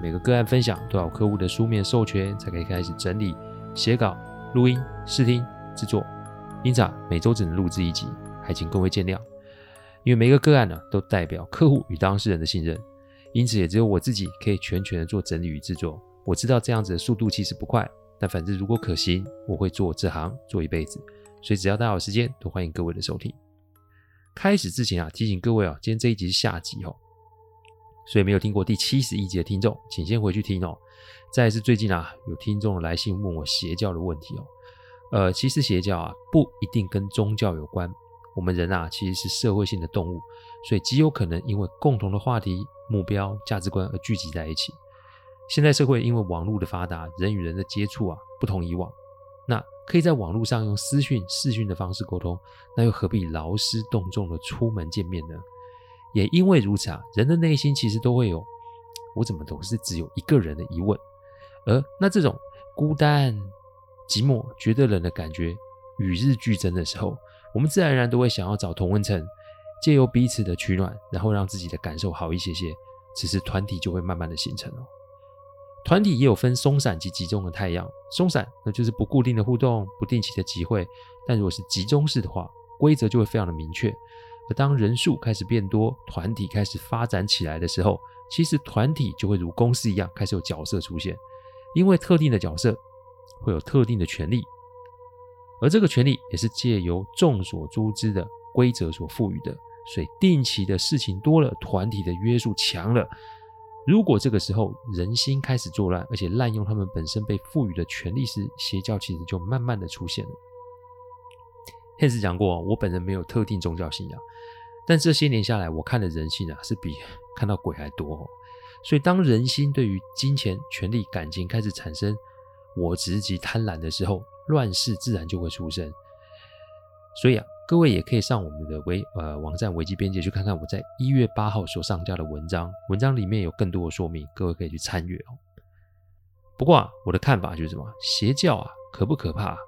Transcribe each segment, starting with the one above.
每個個案分享都要有客戶的書面授權才可以開始整理、寫稿、錄音、視聽製作。因此啊，每周只能錄製一集，還請各位見諒。因為每個個案呢、啊，都代表客戶與當事人的信任，因此也只有我自己可以全權的做整理與製作。我知道這樣子的速度其實不快，但反正如果可行，我會做這行做一輩子。所以只要大家有時間，都歡迎各位的收聽。開始之前啊，提醒各位啊，今天這一集是下集哦。所以沒有聽過第七十一集的聽眾，請先回去聽哦。再來是最近啊，有聽眾來信問我邪教的問題哦。呃，其實邪教啊不一定跟宗教有關。我們人啊其實是社會性的動物，所以極有可能因為共同的話題、目標、價值觀而聚集在一起。現在社會因為網絡的發達，人與人的接觸啊不同以往。那可以在網絡上用私訊、視訊的方式溝通，那又何必勞師動眾的出門見面呢？也因為如此啊，人的內心其實都會有，我怎麼總是只有一個人的疑問，而那這種孤單、寂寞、覺得冷的感覺與日俱增的時候，我們自然而然都會想要找同溫層，藉由彼此的取暖，然後讓自己的感受好一些些。此時團體就會慢慢的形成哦。團體也有分鬆散及集中的太陽。鬆散那就是不固定的互動、不定期的集會，但如果是集中式的話，規則就會非常的明確。而當人數開始變多，團體開始發展起來的時候，其實團體就會如公司一樣開始有角色出現，因為特定的角色會有特定的權利，而這個權利也是借由眾所周知的規則所賦予的。所以定期的事情多了，團體的約束強了。如果這個時候人心開始作亂，而且濫用他們本身被賦予的權利時，邪教其實就慢慢的出現了。h 子 n 講過，我本人沒有特定宗教信仰。但這些年下來，我看的人性啊，是比看到鬼還多哦。所以，當人心對於金錢、權力、感情開始產生我執及貪婪的時候，亂世自然就會出生。所以啊，各位也可以上我們的微呃網站《維基邊界》去看看我在一月八號所上架的文章，文章裡面有更多的說明，各位可以去參閱哦。不過啊，我的看法就是什麼？邪教啊，可不可怕？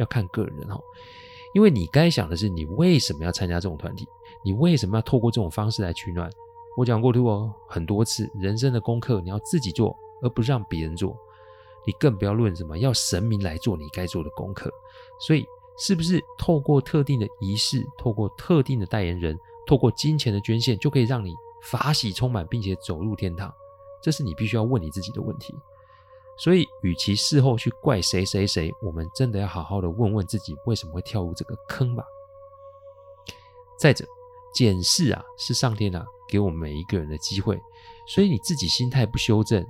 要看個人哦。因為你該想的是，你為什麼要參加這種團體？你為什麼要透過這種方式來取暖？我講過很多次，人生的功課你要自己做，而不讓別人做。你更不要論什麼要神明來做你該做的功課。所以，是不是透過特定的儀式，透過特定的代言人，透過金錢的捐獻，就可以讓你法喜充滿並且走入天堂？這是你必須要問你自己的問題。所以，與其事後去怪誰誰誰，我們真的要好好的問問自己，為什麼會跳入這個坑吧。再者，檢視啊，是上天啊，給我們每一個人的機會，所以你自己心態不修正，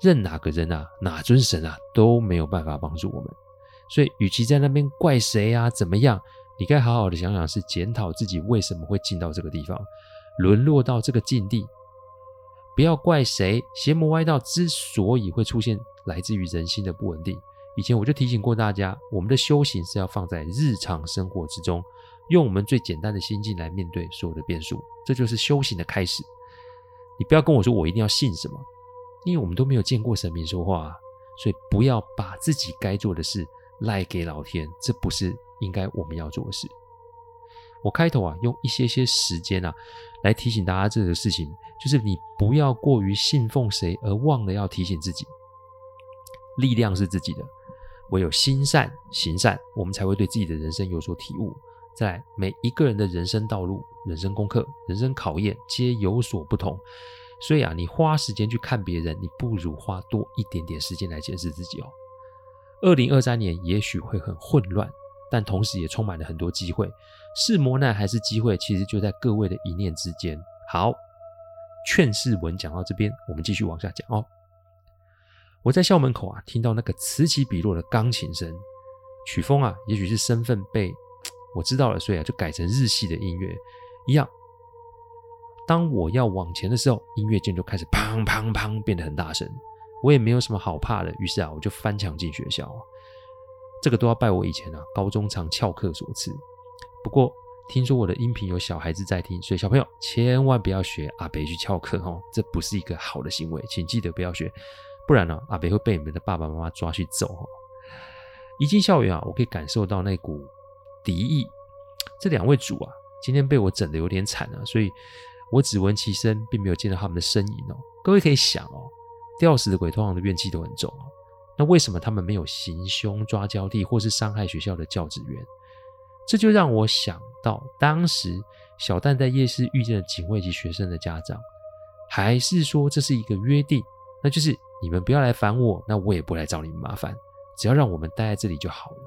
任哪個人啊，哪尊神啊，都沒有辦法幫助我們。所以，與其在那邊怪誰啊，怎麼樣，你該好好的想想，是檢討自己為什麼會進到這個地方，淪落到這個境地。不要怪誰，邪魔歪道之所以會出現，來自於人心的不穩定。以前我就提醒過大家，我們的修行是要放在日常生活之中，用我們最簡單的心境來面對所有的變數，這就是修行的開始。你不要跟我說我一定要信什麼，因為我們都沒有見過神明說話啊，所以不要把自己該做的事賴給老天，這不是應該我們要做的事。我開頭啊，用一些些時間啊。來提醒大家這個事情，就是你不要過於信奉誰，而忘了要提醒自己，力量是自己的，唯有心善行善，我們才會對自己的人生有所體悟。再來，每一個人的人生道路、人生功課、人生考驗皆有所不同，所以啊，你花時間去看別人，你不如花多一點點時間來檢視自己哦。二零二三年也許會很混亂。但同時也充滿了很多機會，是磨難還是機會？其實就在各位的一念之間。好，勸世文講到這邊，我們繼續往下講哦。我在校門口啊，聽到那個此起彼落的鋼琴聲，曲風啊，也許是身份被我知道了，所以啊，就改成日系的音樂一樣。當我要往前的時候，音樂竟就開始砰砰砰變得很大聲，我也沒有什麼好怕的，於是啊，我就翻牆進學校。這個都要拜我以前啊，高中常翹課所賜。不過聽說我的音頻有小孩子在聽，所以小朋友千萬不要學阿北去翹課哦，這不是一個好的行為，請記得不要學，不然呢，啊，阿北會被你們的爸爸媽媽抓去揍哦。一進校園啊，我可以感受到那股敵意。這兩位主啊，今天被我整得有點慘啊，所以我只聞其聲，並沒有見到他們的身影哦。各位可以想哦，吊死的鬼通常的怨氣都很重哦。那為什麼他們沒有行凶抓交替或是傷害學校的教職員？這就讓我想到，當時小蛋在夜市遇見了警衛及學生的家長，還是說，這是一個約定？那就是你們不要來煩我，那我也不來找你們麻煩，只要讓我們待在這裡就好了。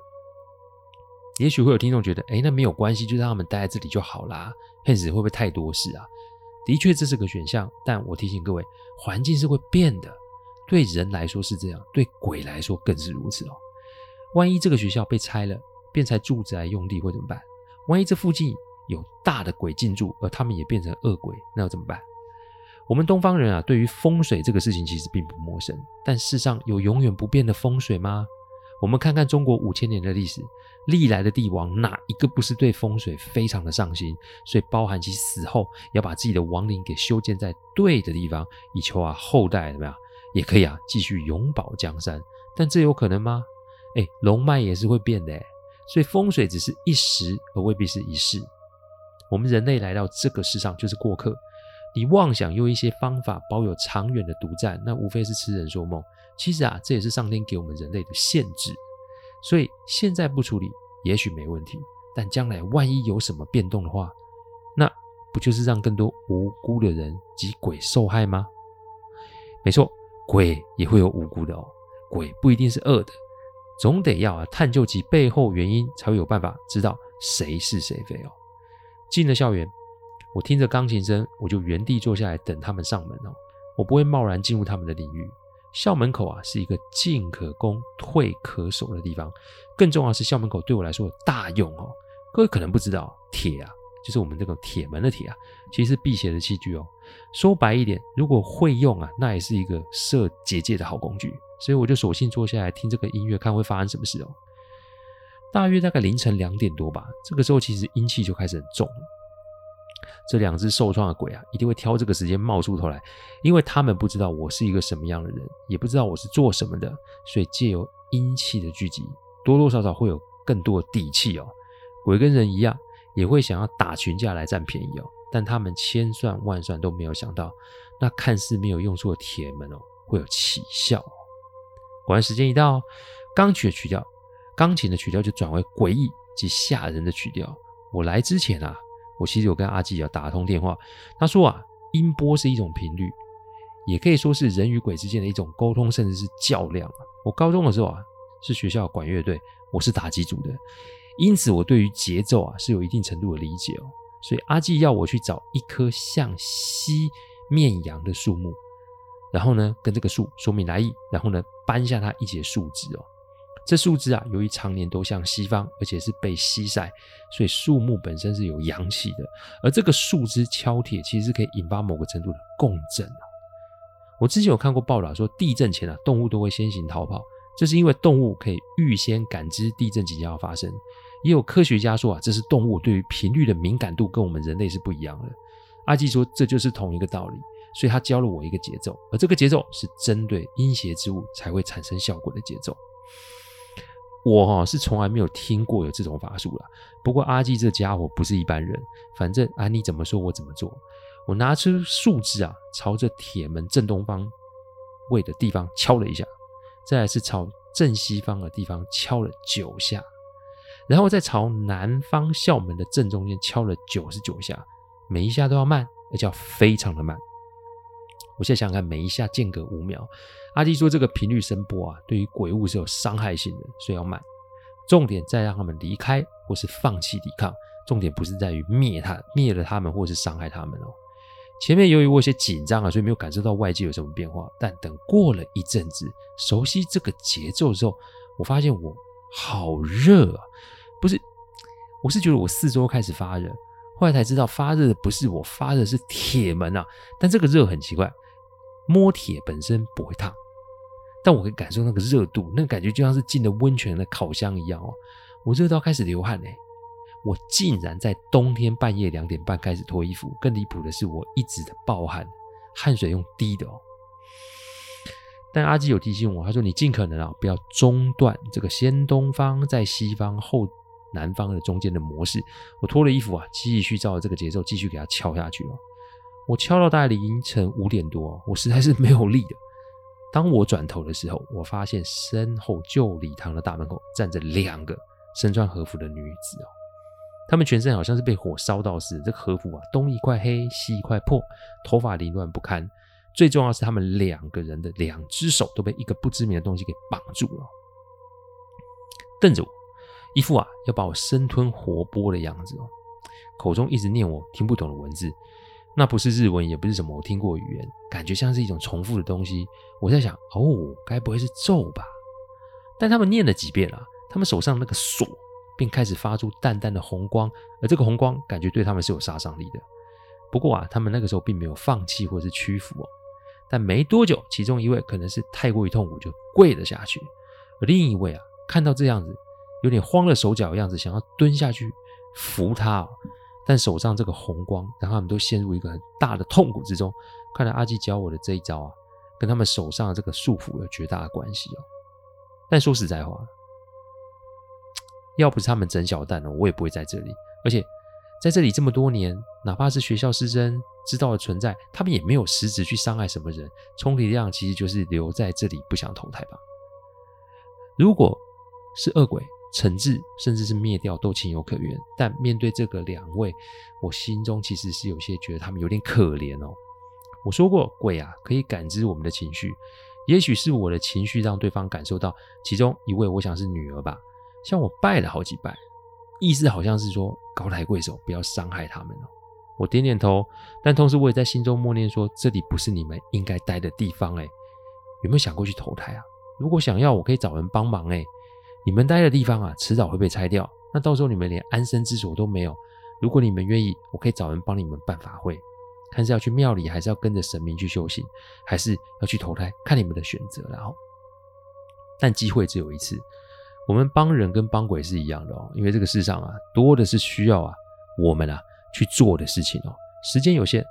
也許會有聽眾覺得，哎，那沒有關係，就讓他們待在這裡就好啦。騙子會不會太多事啊？的確，這是個選項，但我提醒各位，環境是會變的。對人來說是這樣，對鬼來說更是如此哦。萬一這個學校被拆了，變成住宅用地會怎麼辦？萬一這附近有大的鬼進駐，而他們也變成惡鬼，那要怎麼辦？我們東方人啊，對於風水這個事情其實並不陌生。但世上有永遠不變的風水嗎？我們看看中國五千年的歷史，歷來的帝王哪一個不是對風水非常的上心？所以包含其死後要把自己的王陵給修建在對的地方，以求啊後代怎麼樣？也可以啊，繼續永保江山，但這有可能嗎？哎，龍脈也是會變的，哎，所以風水只是一時，而未必是一世。我們人類來到這個世上就是過客，你妄想用一些方法保有長遠的獨占，那無非是痴人說夢。其實啊，這也是上天給我們人類的限制。所以現在不處理，也許沒問題，但將來萬一有什麼變動的話，那不就是讓更多無辜的人及鬼受害嗎？沒錯。鬼也會有無辜的哦，鬼不一定是惡的，總得要啊探究其背後原因，才會有辦法知道誰是誰非哦。進了校園，我聽着鋼琴聲，我就原地坐下來等他們上門哦。我不會貿然進入他們的領域。校門口啊是一個進可攻退可守的地方，更重要的是校門口對我來說有大用哦。各位可能不知道，鐵啊。就是我們這個鐵門的鐵啊，其實是辟邪的器具哦。說白一點，如果會用啊，那也是一個設結界的好工具。所以我就索性坐下來聽這個音樂，看會發生什麼事哦。大約大概凌晨兩點多吧，這個時候其實陰氣就開始很重了。這兩隻受創的鬼啊，一定會挑這個時間冒出頭來，因為他們不知道我是一個什麼樣的人，也不知道我是做什麼的，所以借由陰氣的聚集，多多少少會有更多的底氣哦。鬼跟人一樣。也會想要打群架來占便宜哦，但他們千算萬算都沒有想到，那看似沒有用處的鐵門哦，會有奇效哦。果然時間一到哦，鋼琴曲調，鋼琴的曲調，鋼琴的曲調就轉為詭異及嚇人的曲調。我來之前啊，我其實有跟阿基啊打通電話，他說啊，音波是一種頻率，也可以說是人與鬼之間的一種溝通，甚至是較量。我高中的時候啊，是學校管樂隊，我是打擊組的。因此，我對於節奏啊是有一定程度的理解哦。所以阿季要我去找一棵向西面陽的樹木，然後呢，跟這個樹說明來意，然後呢，搬下它一截樹枝哦。這樹枝啊，由於常年都向西方，而且是被西曬，所以樹木本身是有陽氣的。而這個樹枝敲鐵，其實是可以引發某個程度的共振哦、啊。我之前有看過報道說，地震前啊，動物都會先行逃跑，這是因為動物可以預先感知地震即將要發生。也有科學家說啊，這是動物對於頻率的敏感度跟我們人類是不一樣的。阿基說這就是同一個道理，所以他教了我一個節奏，而這個節奏是針對陰邪之物才會產生效果的節奏。我是從來沒有聽過有這種法術了，不過阿基這家伙不是一般人，反正啊，你怎麼說我怎麼做。我拿出樹枝啊，朝着鐵門正東方位的地方敲了一下，再來是朝正西方的地方敲了九下。然後再朝南方校門的正中間敲了九十九下，每一下都要慢，而且要非常的慢。我現在想想看，每一下間隔五秒。阿基說這個頻率聲波啊，對於鬼物是有傷害性的，所以要慢。重點在讓他們離開或是放棄抵抗，重點不是在於滅他、滅了他們或是傷害他們哦。前面由於我有些緊張啊，所以沒有感受到外界有什麼變化。但等過了一陣子，熟悉這個節奏之後，我發現我好熱啊。不是，我是覺得我四周開始發熱，後來才知道發熱的不是我，發熱的是鐵門啊。但這個熱很奇怪，摸鐵本身不會燙，但我可以感受那個熱度，那個感覺就像是進了溫泉的烤箱一樣哦、喔。我熱到開始流汗嘞、欸，我竟然在冬天半夜兩點半開始脫衣服。更離譜的是，我一直的暴汗，汗水用滴的哦、喔。但阿基有提醒我，他說你盡可能啊不要中斷這個先東方再西方後。南方的中間的模式，我脫了衣服啊，繼續照着這個節奏繼續給他敲下去哦。我敲到大概凌晨五點多，我實在是沒有力了。當我轉頭的時候，我發現身後舊禮堂的大門口站着兩個身穿和服的女子哦，她們全身好像是被火燒到似的，這個和服啊東一塊黑西一塊破，頭髮凌亂不堪。最重要的是，她們兩個人的兩隻手都被一個不知名的東西給綁住了，瞪着我。一副啊要把我生吞活剝的樣子哦，口中一直念我聽不懂的文字，那不是日文，也不是什麼我聽過的語言，感覺像是一種重複的東西。我在想，哦，該不會是咒吧？但他們念了幾遍啊，他們手上那個鎖便開始發出淡淡的紅光，而這個紅光感覺對他們是有殺傷力的。不過啊，他們那個時候並沒有放棄或是屈服哦。但沒多久，其中一位可能是太過於痛苦，就跪了下去，而另一位啊，看到這樣子。有點慌了手腳的樣子，想要蹲下去扶他哦，但手上這個紅光，讓他們都陷入一個很大的痛苦之中。看來阿基教我的這一招啊，跟他們手上的這個束縛有絕大的關係哦。但說實在話，要不是他們整小蛋哦，我也不會在這裡。而且在這裡這麼多年，哪怕是學校師生知道的存在，他們也沒有實質去傷害什麼人。充其量其實就是留在這裡，不想投胎吧。如果是惡鬼。懲治甚至是滅掉都情有可原，但面對這個兩位，我心中其實是有些覺得他們有點可憐哦。我說過，鬼啊可以感知我們的情緒，也許是我的情緒讓對方感受到。其中一位我想是女兒吧，向我拜了好幾拜，意思好像是說高抬貴手，不要傷害他們哦。我點點頭，但同時我也在心中默念說：這裡不是你們應該待的地方。誒，有沒有想過去投胎啊？如果想要，我可以找人幫忙誒。你們待的地方啊，遲早會被拆掉。那到時候你們連安身之所都沒有。如果你們願意，我可以找人幫你們辦法會，看是要去廟裡，還是要跟着神明去修行，還是要去投胎，看你們的選擇。然後，但機會只有一次。我們幫人跟幫鬼是一樣的哦，因為這個世上啊，多的是需要啊我們啊去做的事情哦。時間有限，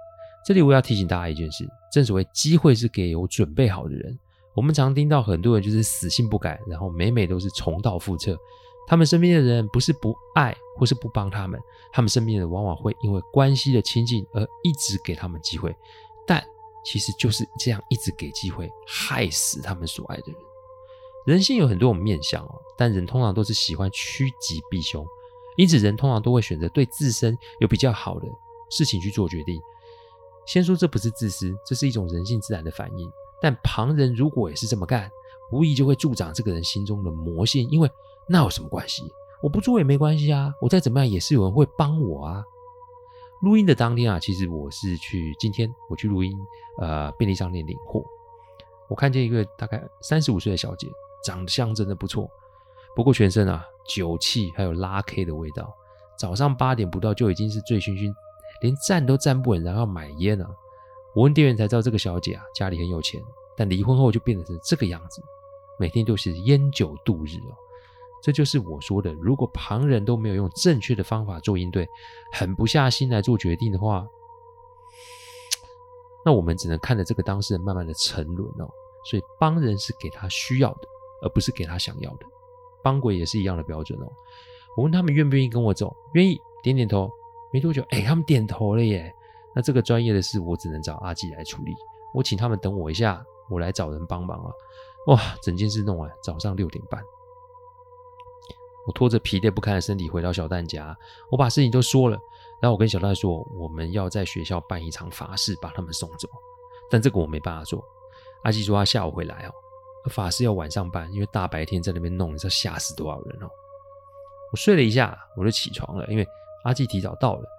這裡我要提醒大家一件事：正所謂，機會是給有準備好的人。我們常聽到很多人就是死性不改，然後每每都是重蹈覆轍。他們身邊的人不是不愛或是不幫他們，他們身邊的人往往會因為關係的親近而一直給他們機會，但其實就是這樣一直給機會，害死他們所愛的人。人性有很多種面相哦，但人通常都是喜歡趨吉避凶，因此人通常都會選擇對自身有比較好的事情去做決定。先說這不是自私，這是一種人性自然的反應。但旁人如果也是這麼幹，無疑就會助長這個人心中的魔性。因為那有什麼關係？我不做也沒關係啊，我再怎麼樣也是有人會幫我啊。錄音的當天啊，其實我是去今天我去錄音，呃，便利商店領貨。我看見一個大概三十五歲的小姐，長相真的不錯，不過全身啊酒氣，還有拉 K 的味道。早上八點不到就已經是醉醺醺，連站都站不穩，然後買菸呢、啊。我問店員才知道，這個小姐啊，家裡很有錢，但離婚後就變成成這個樣子，每天都是菸酒度日哦。這就是我說的，如果旁人都沒有用正確的方法做應對，狠不下心來做決定的話，那我們只能看着這個當事人慢慢的沉淪哦。所以幫人是給他需要的，而不是給他想要的。幫鬼也是一樣的標準哦。我問他們願不願意跟我走，願意，點點頭。沒多久，誒，哎，他們點頭了耶。那這個專業的事，我只能找阿基來處理。我請他們等我一下，我來找人幫忙啊！哇，整件事弄完，早上六點半，我拖着疲憊不堪的身體回到小蛋家，我把事情都說了。然後我跟小蛋說，我們要在學校辦一場法事，把他們送走。但這個我沒辦法做。阿基說他下午回來哦，法事要晚上辦，因為大白天在那邊弄，你知道嚇死多少人哦。我睡了一下，我就起床了，因為阿基提早到了。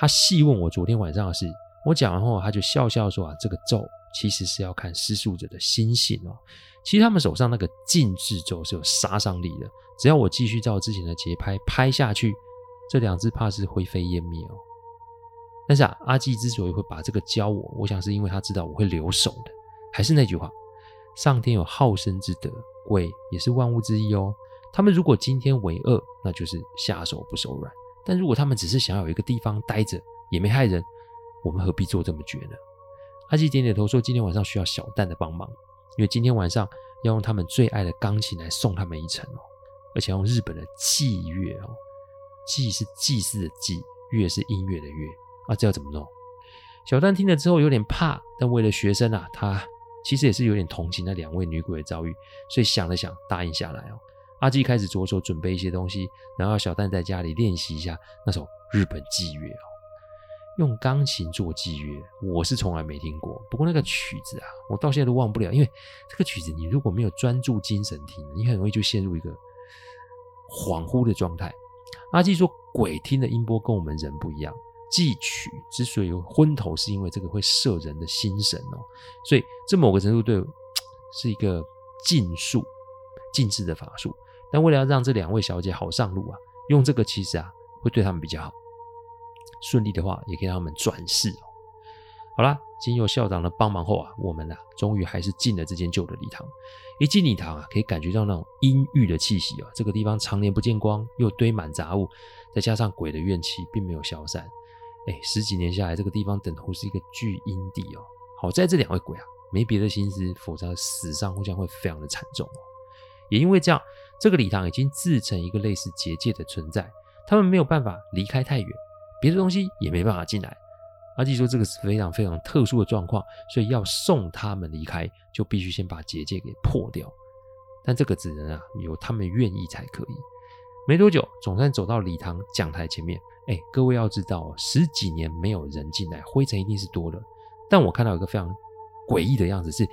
他細問我昨天晚上的事，我講完後，他就笑笑說：“啊，這個咒其實是要看施術者的心性哦。其實他們手上那個禁制咒是有殺傷力的，只要我繼續照之前的節拍拍下去，這兩隻怕是灰飛煙滅哦。但是啊，阿紀之所以會把這個教我，我想是因為他知道我會留手的。還是那句話，上天有好生之德，鬼也是萬物之一哦。他們如果今天為惡，那就是下手不手軟。”但如果他們只是想要有一個地方待着，也沒害人，我們何必做這麼絕呢？阿基點點頭說：“今天晚上需要小蛋的幫忙，因為今天晚上要用他們最愛的鋼琴來送他們一程哦，而且要用日本的祭月祭樂哦，祭是祭祀的祭，樂是音樂的樂啊，這要怎麼弄？”小蛋聽了之後有點怕，但為了學生啊，他其實也是有點同情那兩位女鬼的遭遇，所以想了想答應下來哦。阿基開始着手準備一些東西，然後小蛋在家裡練習一下那首日本祭樂哦，用鋼琴做祭樂，我是從來沒聽過。不過那個曲子啊，我到現在都忘不了，因為這個曲子你如果沒有專注精神聽，你很容易就陷入一個恍惚的狀態。阿基說，鬼聽的音波跟我們人不一樣，祭曲之所以昏頭，是因為這個會攝人的心神哦，所以這某個程度對，是一個禁術、禁制的法術。但為了要讓這兩位小姐好上路啊，用這個其實啊會對她們比較好。順利的話，也可以讓他們轉世哦。好啦，經由校長的幫忙後啊，我們啊終於還是進了這間舊的禮堂。一進禮堂啊，可以感覺到那種陰鬱的氣息啊。這個地方常年不見光，又堆滿雜物，再加上鬼的怨氣並沒有消散，哎，十幾年下來，這個地方等同是一個聚陰地哦。好在這兩位鬼啊沒別的心思，否則死傷會將會非常的慘重哦。也因為這樣。這個禮堂已經自成一個類似結界的存在，他們沒有辦法離開太遠，別的東西也沒辦法進來。阿紀說這個是非常非常特殊的狀況，所以要送他們離開，就必須先把結界給破掉。但這個只能啊，由他們願意才可以。沒多久，總算走到禮堂講台前面。哎，各位要知道，十幾年沒有人進來，灰塵一定是多的。但我看到一個非常詭異的樣子是，是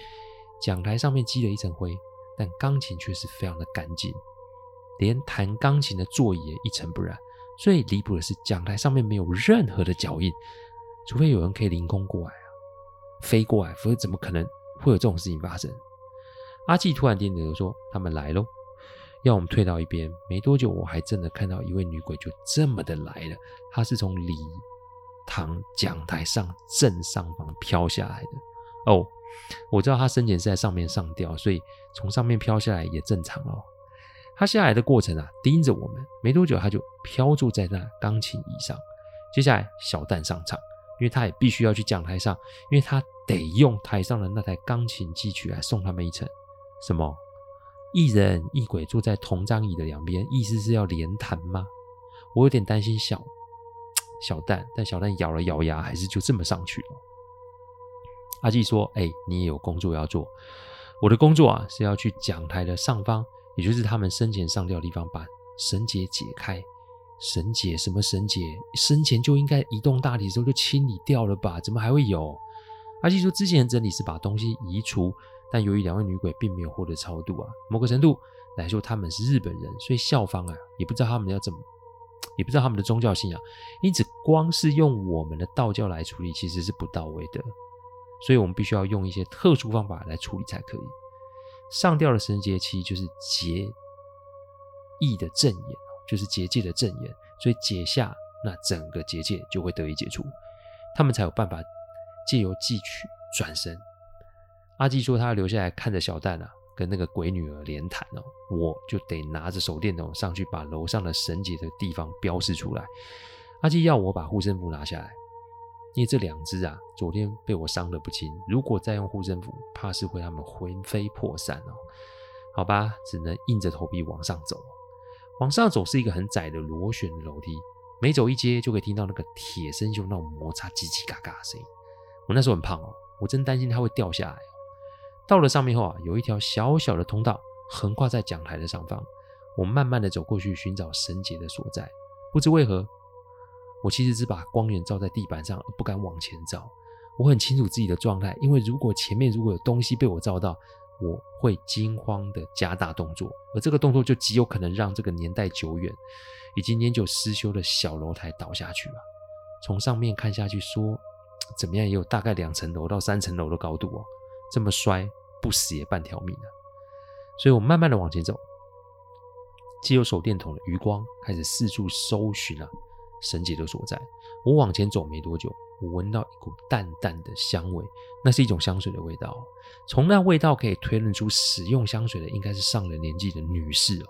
講台上面積了一層灰。但鋼琴卻是非常的乾淨，連彈鋼琴的座椅也一塵不染。最離譜的是講台上面沒有任何的腳印，除非有人可以凌空過來啊，飛過來，否則怎麼可能會有這種事情發生？阿紀突然盯着就說：“他們來嘍，要我們退到一邊。”沒多久，我還真的看到一位女鬼就這麼的來了，她是從禮堂講台上正上方飄下來的。哦，oh, 我知道他生前是在上面上吊，所以從上面飄下來也正常哦。他下來的過程啊，盯着我們，沒多久他就飄坐在那鋼琴椅上。接下來小蛋上場，因為他也必須要去講台上，因為他得用台上的那台鋼琴祭曲來送他們一程。什麼？一人一鬼坐在同張椅的兩邊，意思是要連彈嗎？我有點擔心小小蛋，但小蛋咬了咬牙，還是就這麼上去了。阿紀說：“哎、欸，你也有工作要做。我的工作啊，是要去講台的上方，也就是他們生前上吊的地方，把繩結解開。繩結？什麼繩結？生前就應該移動大體的時候就清理掉了吧？怎麼還會有？”阿紀說：“之前的整理是把東西移除，但由於兩位女鬼並沒有獲得超度啊，某個程度來說他們是日本人，所以校方啊也不知道他們要怎麼，也不知道他們的宗教信仰，因此光是用我們的道教來處理其實是不到位的。”所以我們必須要用一些特殊方法來處理才可以。上吊的繩結其實就是結義的正眼，就是結界的正眼，所以解下那整個結界就會得以解除，他們才有辦法借由祭取轉身。阿基說他留下來看着小蛋啊，跟那個鬼女兒連談哦，我就得拿着手電筒上去把樓上的繩結的地方標示出來。阿基要我把護身符拿下來。因為這兩隻啊，昨天被我傷得不輕，如果再用護身符，怕是會他們魂飛魄散哦。好吧，只能硬着頭皮往上走。往上走是一個很窄的螺旋樓梯，每走一階，就可以聽到那個鐵生銹那種摩擦嘰嘰嘎嘎的聲音。我那時候很胖哦，我真擔心它會掉下來。到了上面後啊，有一條小小的通道橫跨在講台的上方，我慢慢的走過去尋找繩結的所在，不知為何，我其實是把光源照在地板上，而不敢往前照。我很清楚自己的狀態，因為如果前面如果有東西被我照到，我會驚慌的加大動作，而這個動作就極有可能讓這個年代久遠以及年久失修的小樓台倒下去了、啊。從上面看下去說，說怎麼樣也有大概兩層樓到三層樓的高度哦、啊，這麼摔不死也半條命了、啊。所以我慢慢的往前走，借由手電筒的餘光開始四處搜尋了、啊。神奇的所在。我往前走沒多久，我聞到一股淡淡的香味，那是一種香水的味道。從那味道可以推論出，使用香水的應該是上了年紀的女士哦。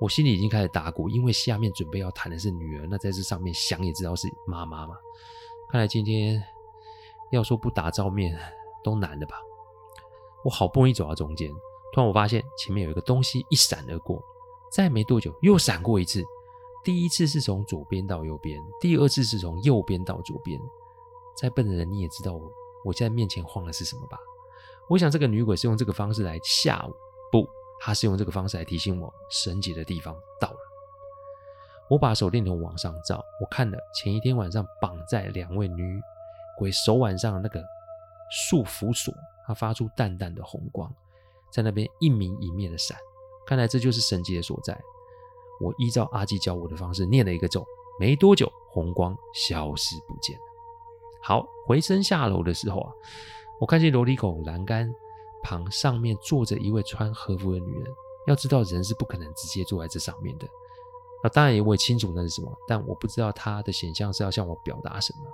我心裡已經開始打鼓，因為下面準備要談的是女兒，那在這上面想也知道是媽媽嘛。看來今天要說不打照面都難了吧？我好不容易走到中間，突然我發現前面有一個東西一閃而過，再沒多久又閃過一次。第一次是從左邊到右邊，第二次是從右邊到左邊。再笨的人你也知道我，我現在面前晃的是什麼吧？我想這個女鬼是用這個方式來嚇我，不，她是用這個方式來提醒我，神奇的地方到了。我把手電筒往上照，我看了前一天晚上綁在兩位女鬼手腕上的那個束縛鎖，它發出淡淡的紅光，在那邊一明一滅的閃，看來這就是神奇的所在。我依照阿紀教我的方式念了一個咒，沒多久紅光消失不見了。好，回身下樓的時候啊，我看見樓梯口欄杆旁上面坐着一位穿和服的女人。要知道人是不可能直接坐在這上面的。那、啊、當然，我也清楚那是什麼，但我不知道她的顯像是要向我表達什麼。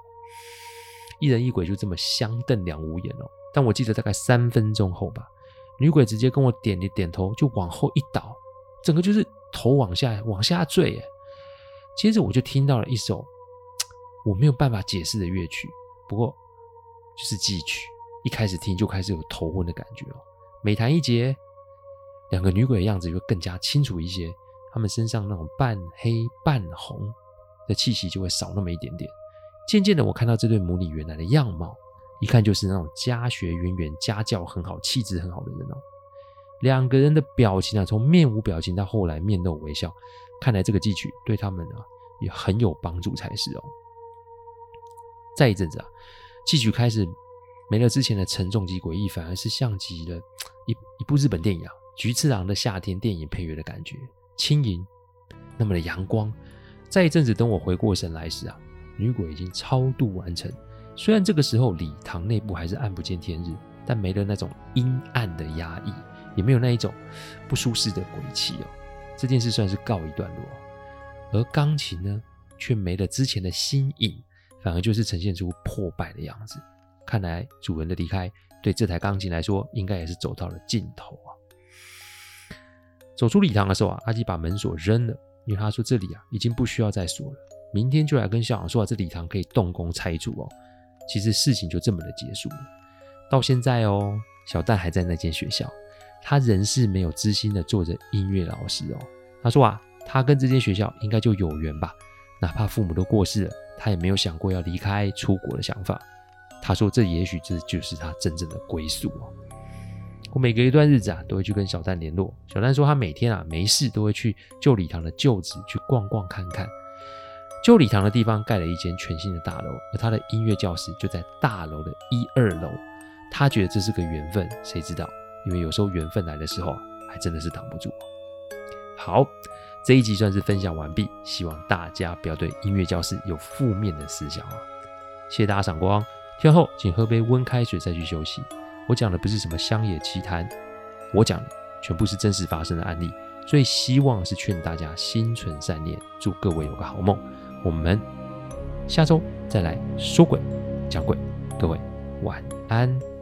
一人一鬼就這麼相瞪兩無言哦。但我記得大概三分鐘後吧，女鬼直接跟我點點點頭，就往後一倒，整個就是。頭往下往下墜，接着我就聽到了一首我沒有辦法解釋的樂曲，不過就是祭曲。一開始聽就開始有頭昏的感覺哦、喔，每彈一節，兩個女鬼的樣子就會更加清楚一些，她們身上那種半黑半紅的氣息就會少那麼一點點。漸漸的，我看到這對母女原來的樣貌，一看就是那種家學淵源、家教很好、氣質很好的人哦、喔。兩個人的表情啊，從面無表情到後來面露微笑，看來這個祭曲對他們啊也很有幫助才是哦。再一陣子啊，祭曲開始沒了之前的沉重及詭異，反而是像極了一一部日本電影啊《菊次郎的夏天》電影配樂的感覺，輕盈那麼的陽光。再一陣子，等我回過神來時啊，女鬼已經超度完成。雖然這個時候禮堂內部還是暗不見天日，但沒了那種陰暗的壓抑。也沒有那一種不舒適的鬼氣哦。這件事算是告一段落啊，而鋼琴呢，卻沒了之前的新穎，反而就是呈現出破敗的樣子。看來主人的離開，對這台鋼琴來說，應該也是走到了盡頭啊。走出禮堂的時候啊，阿吉把門鎖扔了，因為他說這裡啊，已經不需要再鎖了。明天就來跟校長說啊，這禮堂可以動工拆除哦。其實事情就這麼的結束了。到現在哦，小蛋還在那間學校。他仍是沒有支薪的，做着音樂老師哦。他說啊，他跟這間學校應該就有緣吧。哪怕父母都過世了，他也沒有想過要離開、出國的想法。他說，這也許這就是他真正的歸宿哦。我每隔一段日子啊，都會去跟小丹聯絡。小丹說，他每天啊沒事都會去舊禮堂的舊址去逛逛看看。舊禮堂的地方蓋了一間全新的大樓，而他的音樂教室就在大樓的一二樓。他覺得這是個緣分，誰知道？因為有時候緣分來的時候還真的是擋不住。好，這一集算是分享完畢，希望大家不要對音樂教室有負面的思想哦。謝謝大家賞光，聽後請喝杯溫開水再去休息。我講的不是什麼鄉野奇談，我講的全部是真實發生的案例。最希望是勸大家心存善念，祝各位有個好夢。我們下周再來說鬼講鬼，各位晚安。